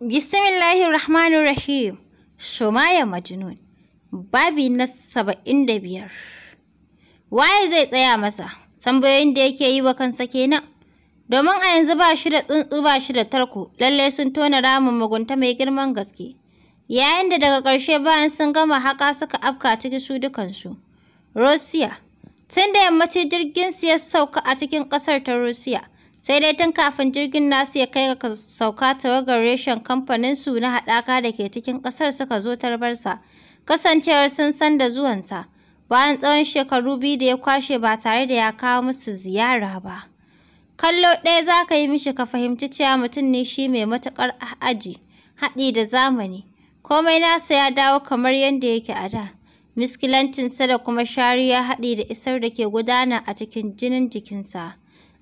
Bismillahir Rahmanir Rahim. Shumaya Majnun. Babi na saba'in da biyar. Waye zai tsaya masa? Tambayoyin da yake yi wa kansa kenan. Domin a yanzu ba shi da tsuntsu ba shi da tarko, lalle sun tona ramin mugunta mai girman gaske. Yayin da daga ƙarshe bayan sun gama haƙa suka afka ciki su dukansu. rusiya Tun da yammaci jirgin su ya sauka a cikin ƙasar ta rusiya sai dai tun kafin jirgin nasu ya kai ga sauka tawagar reshen kamfaninsu na haɗaka da ke cikin ƙasar suka zo tarbarsa kasancewar sun san da zuwansa bayan tsawon shekaru biyu da ya kwashe ba tare da ya kawo musu ziyara ba kallo ɗaya za ka yi mishi ka fahimci cewa mutum ne shi mai matuƙar aji haɗi da zamani komai nasa ya dawo kamar yadda yake a da miskilancinsa da kuma shari'a haɗi da isar da ke gudana a cikin jinin jikinsa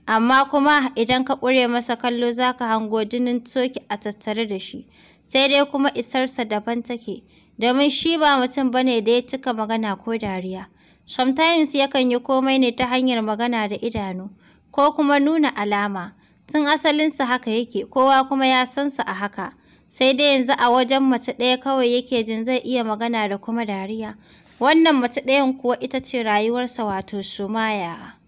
amma kuma idan ka ƙure masa kallo za ka hango jinin toki a tattare da shi sai dai kuma isarsa daban take domin shi ba mutum ba ne da ya cika magana ko dariya sometimes yakan yi komai ne ta hanyar magana da idanu ko kuma nuna alama tun asalinsa haka yake kowa kuma ya sansa a haka sai dai yanzu a wajen mace ɗaya kawai yake jin zai iya magana da kuma dariya wannan mace ɗayan kuwa ita ce rayuwarsa wato sumaya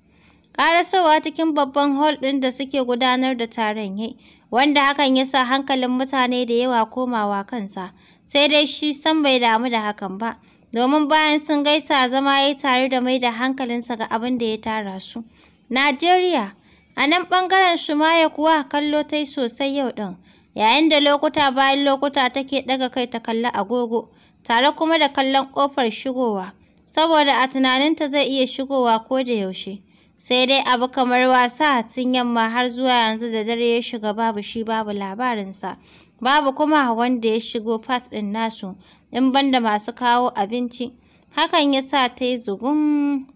Karasowa cikin babban hall ɗin da suke gudanar da taron yi, wanda hakan ya sa hankalin mutane da yawa komawa kansa, sai dai shi san bai damu da hakan ba, domin bayan sun gaisa zama ya yi tare da mai da hankalinsa ga abin da ya tara su. Najeriya, a nan ɓangaren Shumaya kuwa kallo ta yi sosai yau ɗin, yayin da lokuta bayan lokuta take ɗaga kai ta kalli agogo, tare kuma da kallon ƙofar shigowa, saboda a tunaninta zai iya shigowa ko da yaushe. sai dai abu kamar wasa tun yamma har zuwa yanzu da dare ya shiga babu shi babu labarinsa babu kuma wanda ya shigo fat ɗin nasu in banda masu kawo abinci hakan ya sa ta yi zugun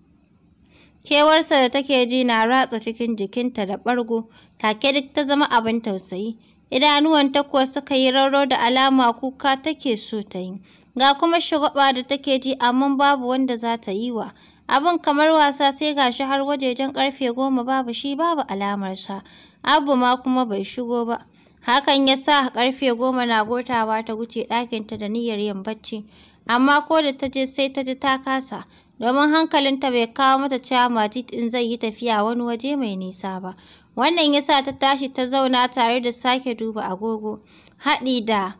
kewarsa da take ji na ratsa cikin jikinta da ɓargo take duk ta zama abin tausayi idanuwanta kuwa suka yi rauro da alama kuka take so ta yi ga kuma shigaba da take ji amma babu wanda za ta yi wa Abin kamar wasa sai gashi har wajejen karfe goma babu shi babu alamarsa. Abu ma kuma bai shigo ba. Hakan ya sa ƙarfe goma na gotawa ta wuce ɗakinta da niyyar yin bacci. Amma ko da ta je sai ta ji ta kasa. domin hankalinta bai kawo mata cewa Majid in zai yi tafiya wani waje mai nisa ba. Wannan ya sa ta tashi ta zauna tare da sake duba agogo, haɗi da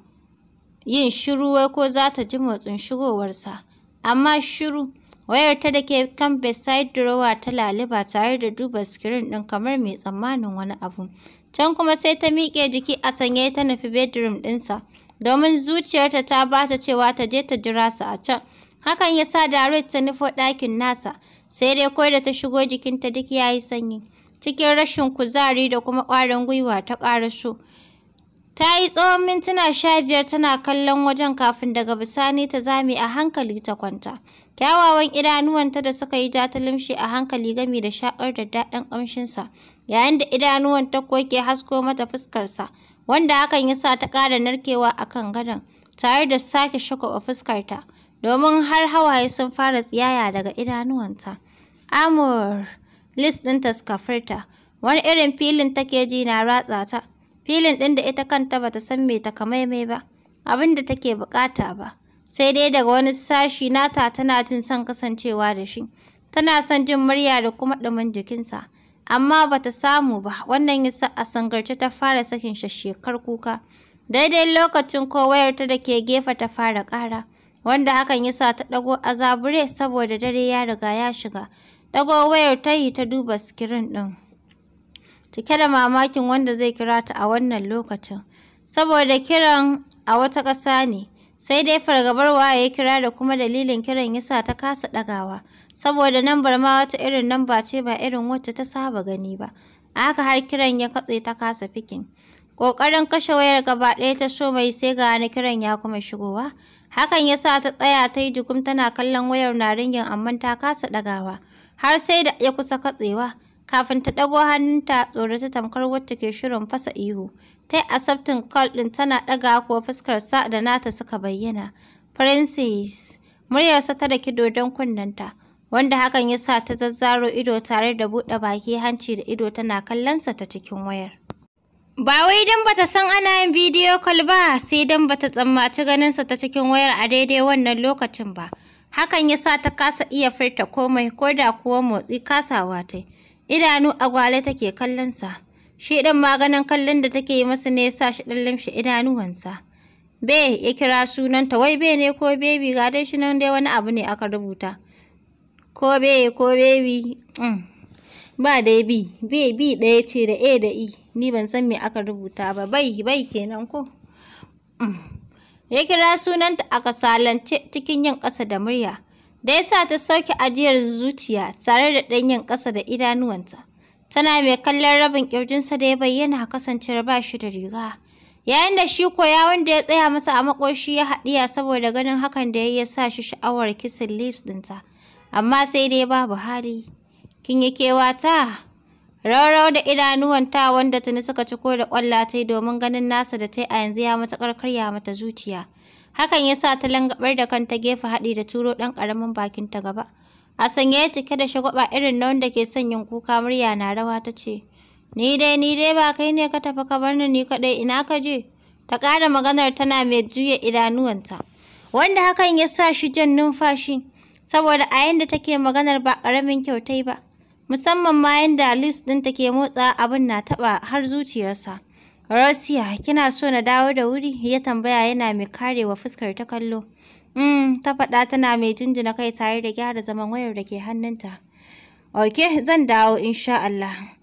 yin shiru wai ko za ta ji motsin shigowarsa. Amma shiru, wayar ta da ke kan beside drawer ta laliba tare da duba screen ɗin kamar mai tsammanin wani abu can kuma sai ta miƙe jiki a sanye ta nufi bedroom ɗinsa domin zuciyarta ta ba ta cewa ta je ta jira su a can hakan ya sa Daret ta nufo ɗakin nasa sai dai kawai da ta shigo jikinta duk ya yi sanyi cikin rashin kuzari da kuma ƙwarin gwiwa ta ƙara so Ta yi tsawon mintuna sha biyar tana kallon wajen kafin daga bisani ta zame a hankali ta kwanta. Kyawawan idanuwanta da suka yi ja ta limshe a hankali gami da shakar da daɗin ƙamshinsa, yayin da idanuwanta ta ke hasko mata fuskarsa, wanda hakan ya sa ta ƙara narkewa a kan gadon, tare da sake shakwaba fuskarta, domin har hawaye sun fara tsiyaya daga idanuwanta. Amur, lis ɗinta suka furta, wani irin filin take ji na ratsa ta. filin ɗin da ita kanta ba ta san me takamaimai ba, abin da take buƙata ba. Sai dai daga wani sashi nata tana jin son kasancewa da shi, tana son jin murya da kuma ɗumin jikinsa, amma ba ta samu ba, wannan yasa a sangarce ta fara sakin shekar kuka. Daidai lokacin ko wayarta da ke gefe ta fara ƙara, wanda hakan yasa ta ɗago a azabure saboda dare ya riga ya shiga. Ɗago wayar ta yi ta duba sikirin ɗin. cike da mamakin wanda zai kira ta a wannan lokacin. Saboda kiran a wata ƙasa ne, sai dai fargabar waye ya kira da kuma dalilin kiran yasa ta kasa ɗagawa, saboda lambar ma wata irin namba ce ba irin wacce ta saba gani ba. A haka har kiran ya katse ta kasa fikin. Ƙoƙarin kashe wayar gaba ɗaya ta so mai sai ga na kiran ya kuma shigowa. Hakan ya sa ta tsaya ta yi jigum tana kallon wayar na ringin amma ta kasa ɗagawa. Har sai da ya kusa katsewa. Kafin ta ɗago hannunta, ta tamkar wacce ke shirin fasa ihu. Ta yi asabtin kol ɗin tana ɗaga kuwa sa da nata suka bayyana. princess. muryarsa ta da kido don kunnenta, wanda hakan ya sa ta zazzaro ido tare da buɗe baki hanci da ido tana kallonsa ta cikin wayar. Ba wai don bata san ana yin bidiyo kal ba, sai don bata tsammaci ganinsa ta cikin wayar a daidai wannan lokacin ba. Hakan ya sa ta kasa iya furta komai ko da kuwa motsi kasawa ta yi. idanu agwale take kallonsa shi ɗan maganin kallon da take yi masa ne ya sa shi ɗan limshe idanuwansa be ya kira sunanta wai be ne ko bebi ga dai shi nan dai wani abu ne aka rubuta ko be ko bebi mm. ba dai bi be ɗaya ce da a da i e. ni ban san me aka rubuta ba bai bai kenan ko mm. ya kira sunanta a kasalance cikin yin ƙasa da murya da ya ta sauke ajiyar zuciya tare da ɗanyen ƙasa da idanuwanta. Tana mai kallon rabin ƙirjinsa da ya bayyana kasance ba shi da riga. Yayin da shi koya wanda ya tsaya masa a makoshi ya haɗiya saboda ganin hakan da ya sa shi sha'awar kisan lips ɗinta. Amma sai dai babu hali. Kin yi kewata? Raurau da idanuwanta wanda tuni suka ciko da ƙwallatai domin ganin nasa da ta yi a yanzu ya matuƙar karya mata zuciya. Hakan ya sa ta langabar da kanta gefe haɗi da turo ɗan ƙaramin bakinta gaba. A sanye ya cike da shagwaba irin na wanda ke son yin kuka murya na rawa ta ce, Ni dai ni dai ba kai ne ka tafi ka bar ni kaɗai ina ka je. Ta ƙara maganar tana mai juya idanuwanta. Wanda hakan ya sa shi jan numfashi, saboda a yanda take maganar ba ƙaramin kyautai ba. Musamman ma yanda Liz ɗin take motsa abin na taɓa har zuciyarsa. Rosia, kina so na dawo da wuri? Ya tambaya yana mai karewa fuskar ta kallo. Mm, ta faɗa tana mai jinjina kai tare da gyara zaman wayar da ke hannunta. Ok, zan dawo insha Allah.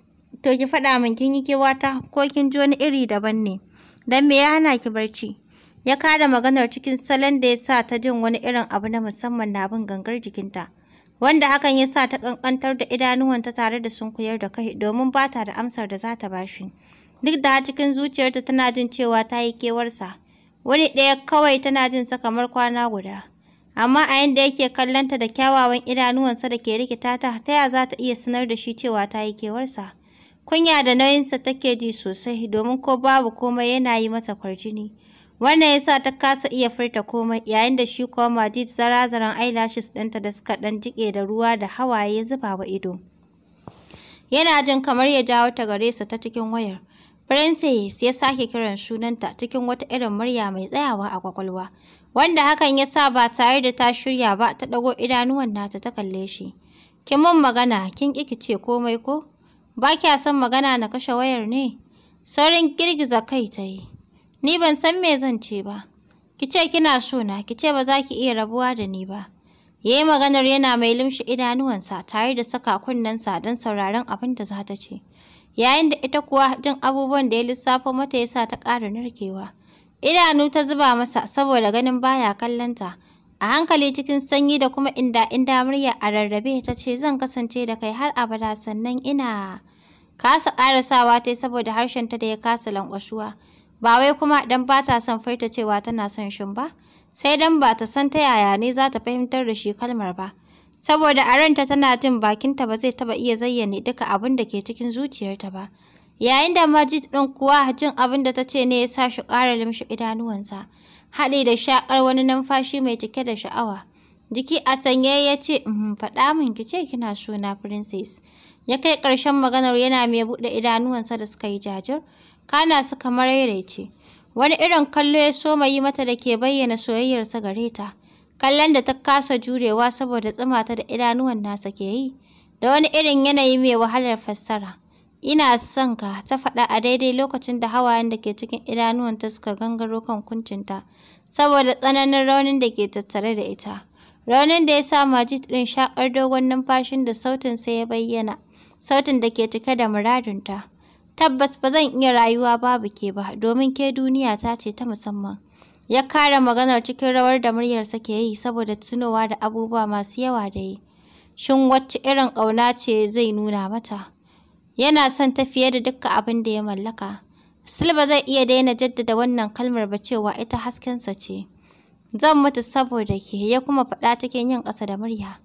To ki faɗa min kin yi kewata ko kin ji wani iri daban ne? Dan me ya hana ki barci? Ya kada maganar cikin salon da ya sa ta jin wani irin abu na musamman na bin gangar jikinta. Wanda hakan ya sa ta ƙanƙantar da idanuwanta tare da sunkuyar da kai domin ba ta da amsar da za ta bashi. duk da cikin zuciyarta tana jin cewa ta yi kewarsa wani ɗaya kawai tana jin sa kamar kwana guda amma a yanda yake kallonta da kyawawan idanuwansa da ke rikita ta ta ya za ta iya sanar da shi cewa ta yi kewarsa kunya da nauyinsa take ji sosai domin ko babu komai yana yi mata kwarjini wannan yasa ta kasa iya furta komai yayin da shi kuma majid zarazaran eyelashes ɗinta da suka ɗan jiƙe da ruwa da hawaye zuba wa ido yana jin kamar ya jawo ta gare sa ta cikin wayar Princess ya sake kiran sunanta cikin wata irin murya mai tsayawa a kwakwalwa, wanda hakan ya sa ba tare da ta shirya ba ta ɗago idanuwan nata ta kalle shi. Kin mun magana, kin ƙi ce komai ko? Ba kya son magana na kashe wayar ne? Saurin girgiza kai ta yi. Ni ban san me zan ce ba. Ki ce kina so na, ki ce ba za ki iya rabuwa da ni ba. Ya yi maganar yana mai limshi idanuwansa tare da saka kunnensa don sauraron abin da za ta ce. yayin da ita kuwa jin abubuwan da ya lissafo mata ya sa ta ƙara narkewa. Idanu ta zuba masa saboda ganin baya kallonta. A hankali cikin sanyi da kuma inda inda murya a rarrabe ta ce zan kasance da kai har abada sannan ina kasa sawa ta saboda harshen ta da ya kasa lankwashuwa. Ba wai kuma dan ba ta son furta cewa tana son shin ba, sai dan ba ta san ta yaya ne za ta fahimtar da shi kalmar ba. saboda a ranta tana jin bakinta ba zai taba iya zayyane duka abin da ke cikin zuciyarta ba. Yayin da Majid ɗin kuwa jin abin da ta ce ne ya sa shi ƙara limshi idanuwansa, haɗe da shaƙar wani numfashi mai cike da sha'awa. Jiki a sanye ya ce, uhm, faɗa min ki ce kina suna princess. Ya kai ƙarshen maganar yana mai buɗe idanuwansa da suka yi jajir, kana suka rairaice Wani irin kallo ya soma yi mata da ke bayyana soyayyarsa gare ta. kallon da ta kasa jurewa saboda tsumata da idanuwan nasa ke yi da wani irin yanayi mai wahalar fassara ina son ka ta faɗa a daidai lokacin da hawayen da ke cikin ta suka gangaro kan kuncinta saboda tsananin raunin da ke tattare da ita raunin da ya sa majid ɗin shakar dogon numfashin da sautin sa ya bayyana sautin da ke cike da muradinta tabbas ba zan iya rayuwa babu ke ba domin ke duniya ta ce ta musamman ya kare maganar cikin rawar da muryarsa ke yi saboda tunowa da abubuwa masu yawa da yi shin wacce irin ƙauna ce zai nuna mata yana son ta fiye da dukkan abin da ya mallaka silba zai iya daina jaddada wannan kalmar ba cewa ita haskensa ce zan mutu saboda ke ya kuma faɗa cikin yin ƙasa da murya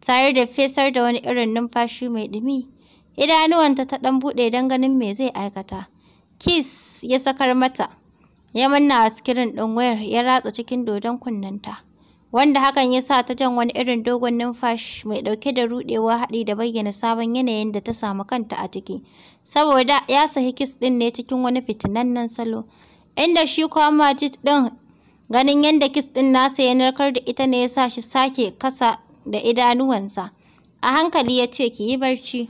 tare da fesar da wani irin numfashi mai ɗumi idanuwanta ta ɗan buɗe don ganin me zai aikata Kis ya sakar mata ya manna a sikirin ɗin wayar ya ratsa cikin dodon kunnenta. Wanda hakan ya sa ta jan wani irin dogon numfashi mai ɗauke da ruɗewa haɗi da bayyana sabon yanayin da ta samu kanta a ciki. Saboda ya sahi kis ɗin ne cikin wani fitinannen salo. Inda shi kuma Majid ɗin ganin yadda kis ɗin nasa ya narkar da ita ne ya sa shi sake kasa da idanuwansa. A hankali ya ce ki yi barci.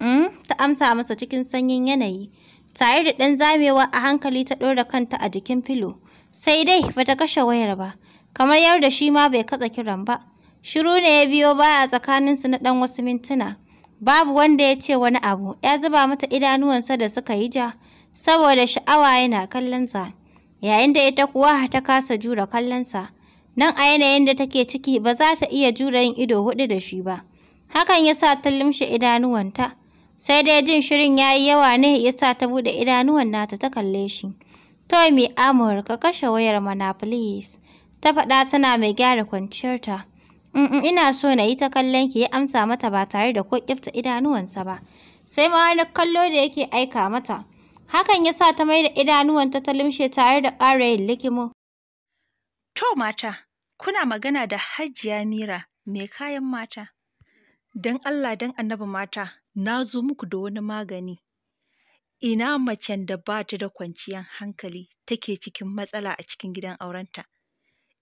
Mm? ta amsa masa cikin sanyin yanayi. tare da ɗan zamewa a hankali ta ɗora kanta a jikin filo. Sai dai ba ta kashe wayar ba, kamar yarda shi ma bai katsa kiran ba. Shiru ne ya biyo baya tsakaninsu na ɗan wasu mintuna. Babu wanda ya ce wani abu, ya zuba mata idanuwansa da suka yi ja, saboda sha'awa yana kallonsa. Yayin da ita kuwa ta kasa jure kallonsa. Nan a yanayin da take ciki ba za ta iya jure yin ido huɗu da shi ba. Hakan ya sa ta limshe idanuwanta. sai dai jin shirin ya yi yawa ne ya sa ta buɗe idanuwan nata ta kalle shi. To mai Amurka kashe wayar mana please. Ta faɗa tana mai gyara kwanciyarta. ta. ina so na yi ta kallon ki ya amsa mata ba tare da ko kifta idanuwansa ba. Sai ma wani kallo da yake aika mata. Hakan ya sa ta mai da idanuwanta ta limshe tare da ƙara yin likimo. To mata, kuna magana da Hajiya Mira mai kayan mata. Don Allah don annabi mata, na zo muku da wani magani. Ina macen da ba ta da kwanciyar hankali take cikin matsala a cikin gidan aurenta?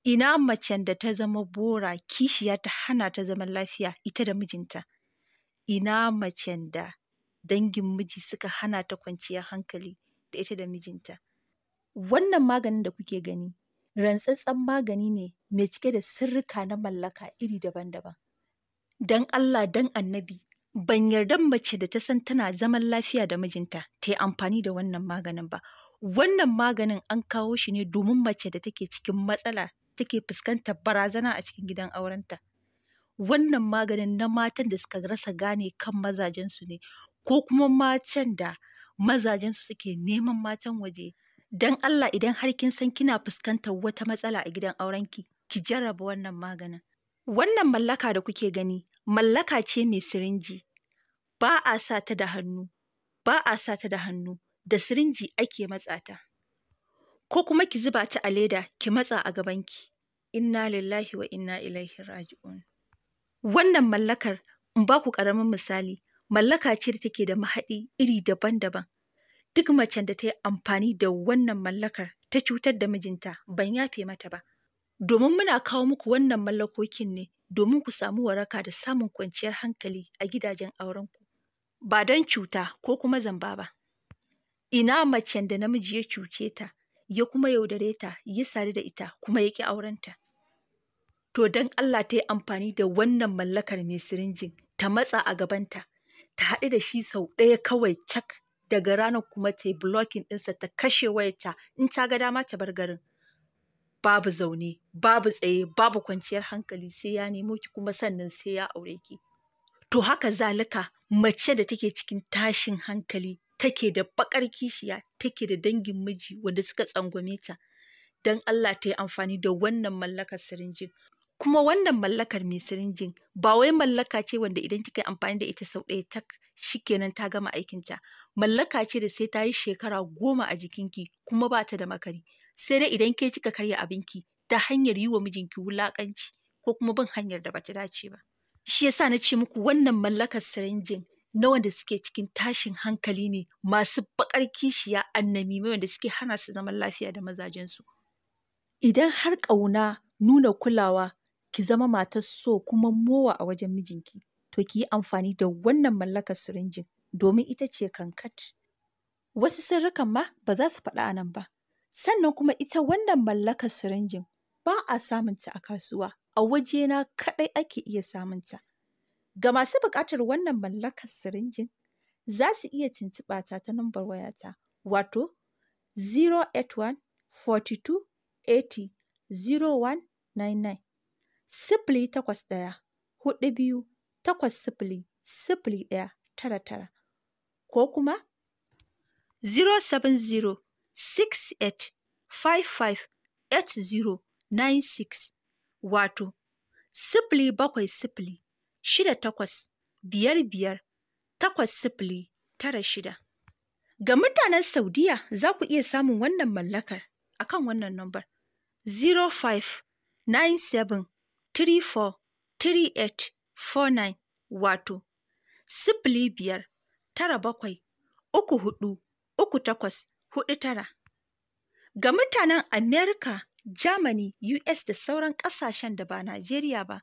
Ina macen da ta zama bora kishiya ta hana ta zaman lafiya ita da mijinta? Ina macen da dangin miji suka hana ta kwanciyar hankali da ita da mijinta? Wannan maganin da kuke gani, rantsatsen magani ne mai cike da sirrika na mallaka iri daban-daban. Dan Allah, dan annabi, ban yarda mace da ta san tana zaman lafiya da mijinta ta yi amfani da wannan maganin ba wannan maganin an kawo shi ne domin mace da take cikin matsala take fuskantar barazana a cikin gidan aurenta wannan maganin na matan da suka rasa gane kan mazajensu ne ko kuma matan da mazajensu suke neman matan waje don allah idan har kin san kina fuskantar wata matsala a gidan aurenki ki jarraba wannan maganin wannan mallaka da kuke gani mallaka ce mai sirinji, ba a sa ta da hannu, ba a sa ta da hannu, da sirinji ake matsa ta. Ko kuma ki zuba ta a leda ki matsa a gabanki. Inna lillahi wa inna ilaihi raji'un. Wannan mallakar, in ba ku ƙaramin misali, mallaka ce da take da mahaɗi iri daban-daban. Duk macen da ta yi amfani da wannan mallakar ta cutar da mijinta ban yafe mata ba. Domin muna kawo muku wannan mallakokin ne domin ku samu waraka da samun kwanciyar hankali a gidajen aurenku, ba don cuta ko kuma zamba ba. Ina macen da namiji ya cuce ta, ya kuma yaudare ta, ya sadu da ita, kuma ya ƙi aurenta. To, don Allah ta yi amfani da wannan mallakar mai sirinjin, ta matsa a gabanta, ta haɗu da shi sau ɗaya kawai cak daga ranar kuma ta yi blocking ɗinsa ta kashe wayarta in ta ga dama ta bar garin. babu zaune babu tsaye babu kwanciyar hankali sai ya nemo ki kuma sannan sai ya aure ki to haka zalika mace da take cikin tashin hankali take da bakar kishiya take da dangin miji wanda suka tsangwame ta don Allah ta yi amfani da wannan mallakar sirinjin kuma wannan mallakar mai sirinjin ba wai mallaka ce wanda idan kika yi amfani da ita sau ɗaya tak shikenan ta gama aikinta mallaka ce da sai ta yi shekara goma a jikinki kuma ba ta da makari sai dai idan ke kika karya abinki ta hanyar yi wa mijinki wulaƙanci ko kuma bin hanyar da ba ta dace ba shi yasa na ce muku wannan mallakar sirinjin na wanda suke cikin tashin hankali ne masu baƙar kishiya annami wanda suke hana su zaman lafiya da mazajensu idan har ƙauna nuna kulawa ki zama matar so kuma mowa a wajen mijinki, to ki yi amfani da wannan mallakar sirinjin domin ita ce kankat. Wasu sirrikan ma ba za su faɗa a nan ba. Sannan kuma ita wannan mallakar sirinjin ba a samunta a kasuwa, a wajena kaɗai ake iya samunta. Ga masu buƙatar wannan mallakar sirinjin, za su iya tuntuɓa ta ta nambar wayata, wato 081 42 80 0199. sifili takwas ɗaya huɗu biyu takwas sifili sifili ɗaya tara tara ko kuma 070 68 55 8096 wato sifili bakwai sifili shida takwas biyar biyar takwas sifili tara shida. Ga mutanen Saudiya za ku iya samun wannan mallakar akan wannan nambar 0597 343849 wato, sifili biyar tara bakwai uku hudu uku takwas hudu tara. Ga mutanen Amerika, Germany, US da sauran ƙasashen da ba Najeriya ba,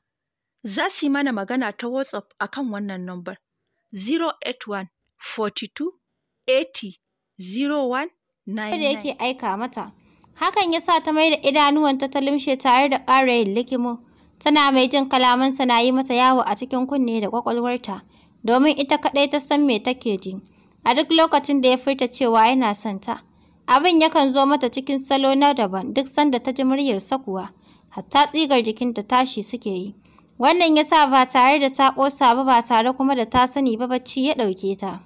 za su yi mana magana ta WhatsApp a kan wannan nambar 081 42 80 01 da yake aika mata. Hakan ya sa ta mai da idanuwanta ta limshe tare da ƙara yin likimo. Tana mai jin kalamansa na yi mata yawo a cikin kunne da kwakwalwarta domin ita kadai ta san me take ji. A duk lokacin da ya furta cewa yana son ta, abin yakan zo mata cikin salo na daban duk sanda ta ji muryarsa kuwa, hatta tsigar jikinta tashi suke yi. Wannan ya sa ba tare da ta kosa ba ba tare kuma da ta sani ba bacci ya ɗauke ta.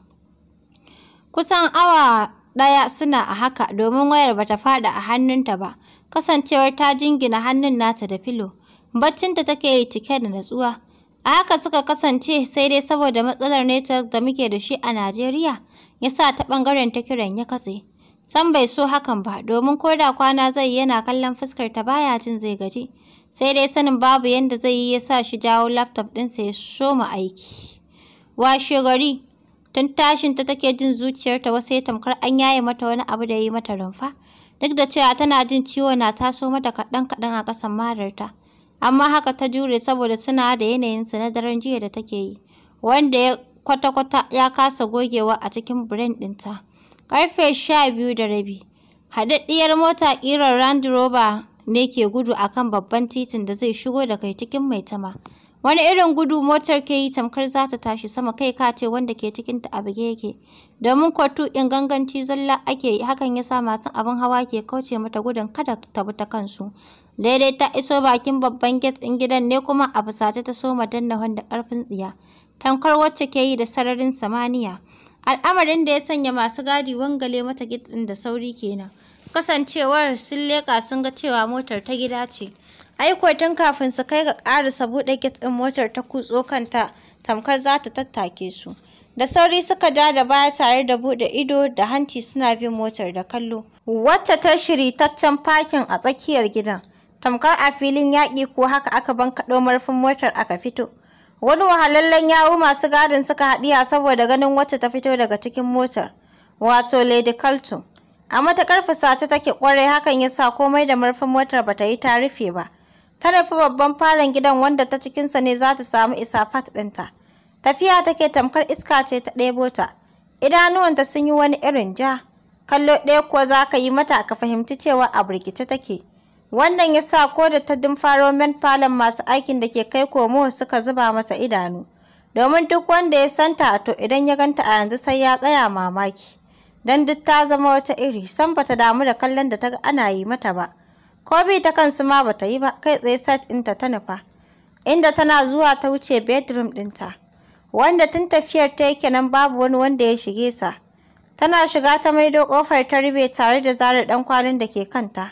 Kusan awa ɗaya suna a haka domin wayar bata faɗi a hannunta ba, kasancewar ta jingina hannun nata da filo. Baccinta take cike da natsuwa. A haka suka kasance sai dai saboda matsalar network da muke da shi a Najeriya ya sa ta ɓangaren ta kiran ya katse. san bai so hakan ba domin ko da kwana zai yana kallon fuskar ta baya jin zai gaji. Sai dai sanin babu yanda zai yi ya sa shi jawo laptop ɗinsa ya so soma aiki. Washe gari tun tashin ta take jin zuciyarta wasu ya tamkar an yaye mata wani abu da ya yi mata rumfa. Duk da cewa tana jin ciwo na taso mata kaɗan kaɗan a ƙasan ta. amma haka ta jure saboda suna da yanayin na daren jiya da take yi wanda ya kwata-kwata ya kasa gogewa a cikin brain ɗinta ƙarfe sha biyu da rabi haɗaɗɗiyar mota ƙirar Land Rover ne ke gudu a kan babban titin da zai shigo da kai cikin mai tama Wani irin gudu motar ke yi tamkar za ta tashi sama kai ka ce wanda ke cikinta a abu yake. Domin kwatu in ganganci zalla ake yi hakan ya sa masu abin hawa ke kauce mata gudun kada ta bi ta kansu. Daidai ta iso bakin babban get ɗin gidan ne kuma a fusace ta soma danna wanda ƙarfin tsiya. Tankar wacce ke yi da sararin samaniya. Al'amarin da ya sanya masu gadi wangale mata get ɗin da sauri kenan. Kasancewar sun leƙa sun ga cewa motar ta gida ce. Aiko tun kafin su kai ga ƙarisa buɗe get ɗin motar ta kutso kanta tamkar za ta tattake su. da sauri suka ja da baya tare da buɗe ido da hanci suna bin motar da kallo wacce ta shiritaccen fakin a tsakiyar gidan tamkar a filin yaƙi ko haka aka kaɗo marfin motar aka fito. Wani wahalallen yawu masu gadin suka haɗiya saboda ganin wacce ta fito daga cikin motar, wato Lady Carlton. A matuƙar fusace take ƙwarai hakan ya sa komai da marfin motar ba ta yi ta ba. Ta nufi babban falon gidan wanda ta cikinsa ne za ta samu isa fat ɗinta. Tafiya take tamkar iska ce ta ɗebo ta. Idanuwanta sun yi wani irin ja. Kallo ɗaya kuwa za ka yi mata ka fahimci cewa a birkice take. Wannan ya sa ko da ta dumfaro falon masu aikin da ke kai komo suka zuba mata idanu. Domin duk wanda ya san a to idan ya ganta a yanzu sai ya tsaya mamaki. Don duk ta zama wata iri, san bata damu da kallon da ta ana yi mata ba. Ko bi ta kansu ma bata yi ba, kai tsaye sat ɗinta ta nufa. Inda tana zuwa ta wuce bedroom ɗinta. Wanda tun tafiyar ta yake nan babu wani wanda ya shige sa. Tana shiga ta maido ƙofar ta rube tare da zarar ɗan kwalin da ke kanta.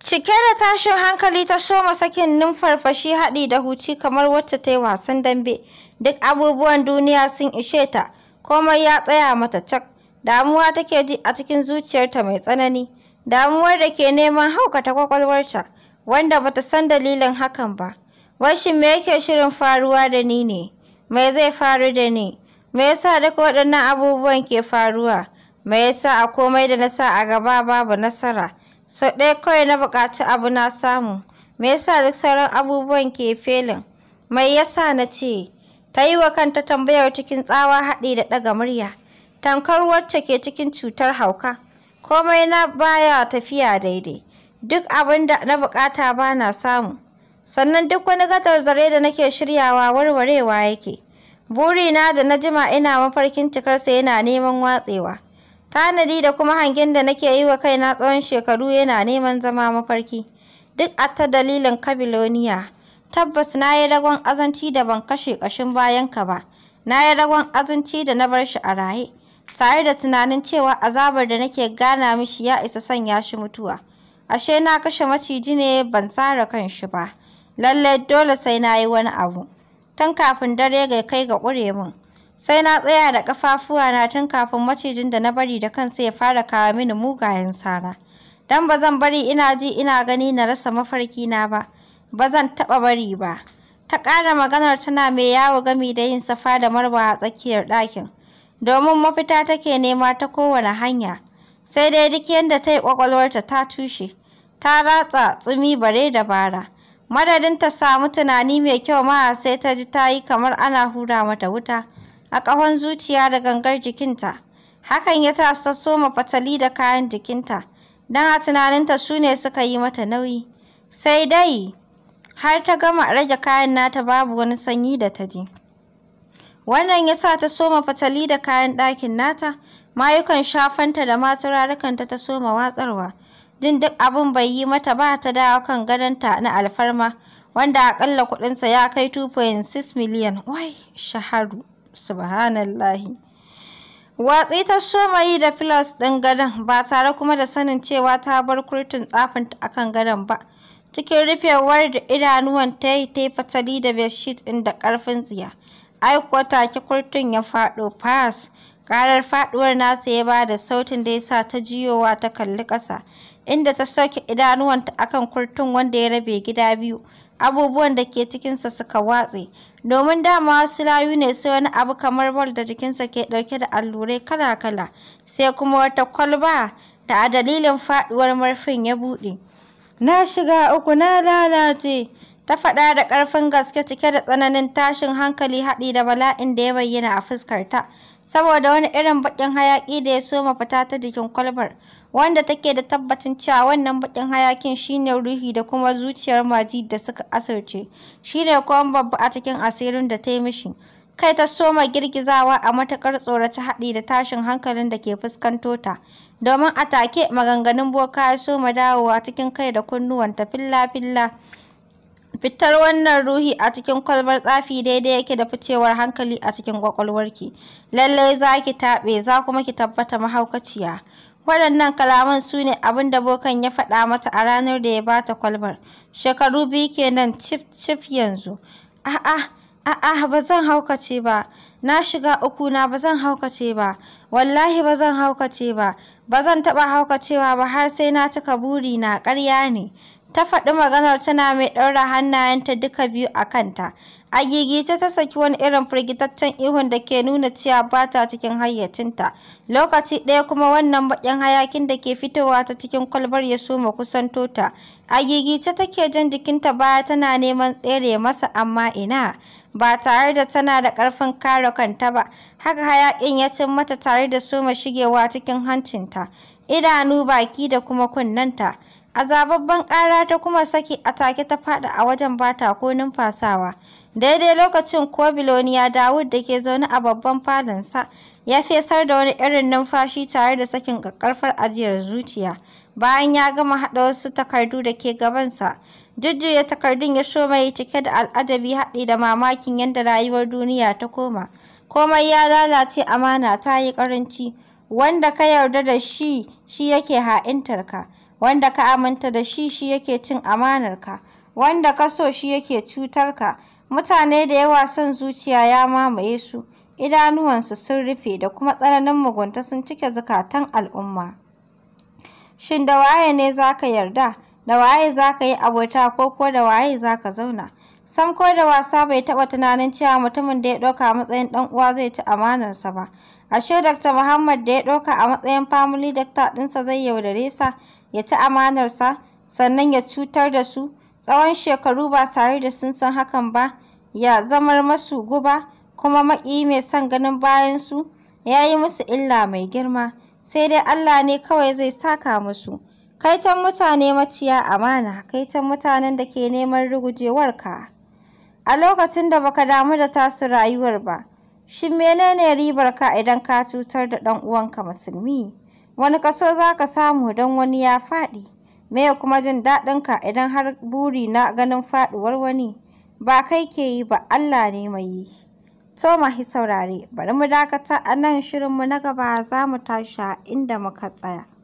Cike da tashin hankali ta soma sakin numfarfashi haɗi da huci kamar wacce ta yi wasan dambe. Duk abubuwan duniya sun ishe ta, komai ya tsaya mata cak. Damuwa take ji a cikin zuciyarta mai tsanani. Damuwar da ke neman haukata kwakwalwarta, wanda bata san dalilin hakan ba. Wai shin me yake shirin faruwa da ni ne? Me zai faru da ni? Me yasa duk waɗannan abubuwan ke faruwa? Me yasa a komai da na sa a gaba babu nasara? sau ɗaya kawai na buƙaci abu na samu me yasa duk sauran abubuwan ke felin mai yasa na ce ta yi wa kanta tambayar cikin tsawa haɗi da ɗaga murya tankar wacce ke cikin cutar hauka komai na baya tafiya daidai duk abin da na bukata ba na samu sannan duk wani gatar zare da nake shiryawa warwarewa yake burina da na jima ina mafarkin cikarsa yana neman watsewa tanadi da kuma hangen da nake yi wa kaina tsawon shekaru yana neman zama mafarki duk a ta dalilin kabiloniya tabbas na yi ragon azanci da ban kashe kashin bayan ka ba na yi ragon azanci da na bar shi a raye tare da tunanin cewa azabar da nake gana mishi ya isa sanya shi mutuwa ashe na kashe maciji ne ban tsara kan shi ba lallai dole sai na yi wani abu tun kafin dare ga kai ga ƙure min Sai na tsaya da na tun kafin macijin da na bari da kansa ya fara kawo mini mugayen sara. Don ba zan bari ina ji ina gani na rasa mafarkina ba, ba zan taɓa bari ba. Ta ƙara maganar tana mai yawo gami da yin safa da marwa a tsakiyar ɗakin, domin mafita take nema ta kowane hanya. Sai dai duk yadda ta yi ƙwaƙwalwarta ta tushe, ta ratsa tsumi bare da bara. Madadin ta samu tunani mai kyau ma sai ta ji ta yi kamar ana hura mata wuta. a ƙahon zuciya da gangar jikinta. Hakan ya sa ta soma fatali da kayan jikinta, don a tunaninta su ne suka yi mata nauyi. Sai dai, har ta gama rage kayan nata babu wani sanyi da ta ji. Wannan ya sa ta soma fatali da kayan ɗakin nata, mayukan shafanta da ma turarukanta ta soma watsarwa. din duk abin bai yi mata ba ta dawo kan gadonta na alfarma, wanda aƙalla kuɗinsa ya kai 2.6 miliyan. Wai, shaharu! subhanallahi watsi ta soma da filas ɗin gadon ba tare kuma da sanin cewa ta bar kurtin tsafinta akan gadon ba cikin rufewar da idanuwan ta yi ta yi fatali da bedsheet ɗin da ƙarfin tsiya ai kuwa take kurtun ya faɗo fas Ƙarar faɗuwar nasa ya bada sautin da ya sa ta jiyowa ta kalli ƙasa, inda ta sauke idanuwanta akan kurtun wanda ya rabe gida biyu, abubuwan da ke cikinsa suka watse domin dama wasu layu ne sai wani abu kamar bal da jikinsa ke ɗauke da allurai kala-kala sai kuma wata kwalba da a dalilin faɗuwar marfin ya buɗe na shiga uku na lalace ta faɗa da ƙarfin gaske cike da tsananin tashin hankali haɗi da bala'in da ya bayyana a fuskarta saboda wani irin baƙin hayaƙi da ya soma fita ta jikin kwalbar wanda take da tabbacin cewa wannan bakin hayakin shine ruhi da kuma zuciyar Majid da suka asirce shine kuma babba a cikin asirin da ta yi mishi kai ta soma girgizawa a matakar ta haɗi da tashin hankalin da ke fuskanto ta domin a take maganganun boka ya soma dawowa cikin kai da kunnuwanta filla-filla Fitar wannan ruhi a cikin kwalbar tsafi daidai yake da ficewar hankali a cikin kwakwalwarki. Lallai za ki taɓe, za kuma ki tabbata mahaukaciya. Waɗannan kalaman su ne abin da bokan ya faɗa mata a ranar da ya ba ta kwalbar. Shekaru biyu kenan cif cif yanzu. A'a, a'a ba zan haukace ba. Na shiga uku na ba zan haukace ba. Wallahi ba zan haukace ba. Ba zan taɓa haukacewa ba har sai na cika buri na ƙarya ne. ta faɗi maganar tana mai ɗaura hannayenta duka biyu a kanta. A gigice ta saki wani irin firgitaccen ihun da ke nuna cewa ba ta cikin hayyacinta. Lokaci ɗaya kuma wannan baƙin hayakin da ke fitowa ta cikin kwalbar ya soma kusantota. tota. A gigice take jan jikinta baya tana neman tsere masa amma ina. Ba tare da tana da ƙarfin kare kanta ba. Haka hayakin ya cin mata tare da soma shigewa cikin hancinta. Idanu, baki da kuma kunnenta. A zababban ƙara ta kuma saki a take ta faɗi a wajen bata ko numfasawa. Daidai lokacin ko biloniya Dawud da ke zaune a babban falinsa ya fesar da wani irin numfashi tare da sakin ƙaƙƙarfar ajiyar zuciya. Bayan ya gama haɗa wasu takardu da ke gabansa, jujjuya takardun ya so mai cike da al'ajabi haɗi da mamakin yadda rayuwar duniya ta koma. Komai ya lalace amana ta yi ƙaranci, wanda ka yarda da shi, shi yake ha'intarka. wanda ka aminta da shi shi yake cin amanar ka, wanda ka so shi yake cutar ka mutane da yawa son zuciya ya mamaye su idanuwansu sun rufe da kuma tsananin mugunta sun cike zukatan al'umma shin da waye ne za ka yarda da waye za ka yi abota ko ko da waye za ka zauna sam ko da wasa bai taɓa tunanin cewa mutumin da ya ɗauka matsayin ɗan uwa zai ci amanarsa ba ashe Dr. Muhammad da ya ɗauka a matsayin family doctor ɗinsa zai yaudare sa ya ci amanarsa, sannan ya cutar da su tsawon shekaru ba tare da sun san hakan ba, ya zamar masu guba kuma maƙi mai son ganin bayansu, ya yi musu illa mai girma, sai dai Allah ne kawai zai saka musu. Kaiton mutane maciya amana, kaiton mutanen da ke neman ka. A lokacin da baka damu da tasu rayuwar ba, shin menene ribar ka idan ka cutar da ɗan uwanka musulmi? wani kaso za ka samu don wani ya faɗi me kuma jin daɗin ka idan har buri na ganin faɗuwar wani ba kai ke yi ba Allah ne mai yi to mahi saurare bari mu dakata a nan shirinmu na gaba za mu tashi inda muka tsaya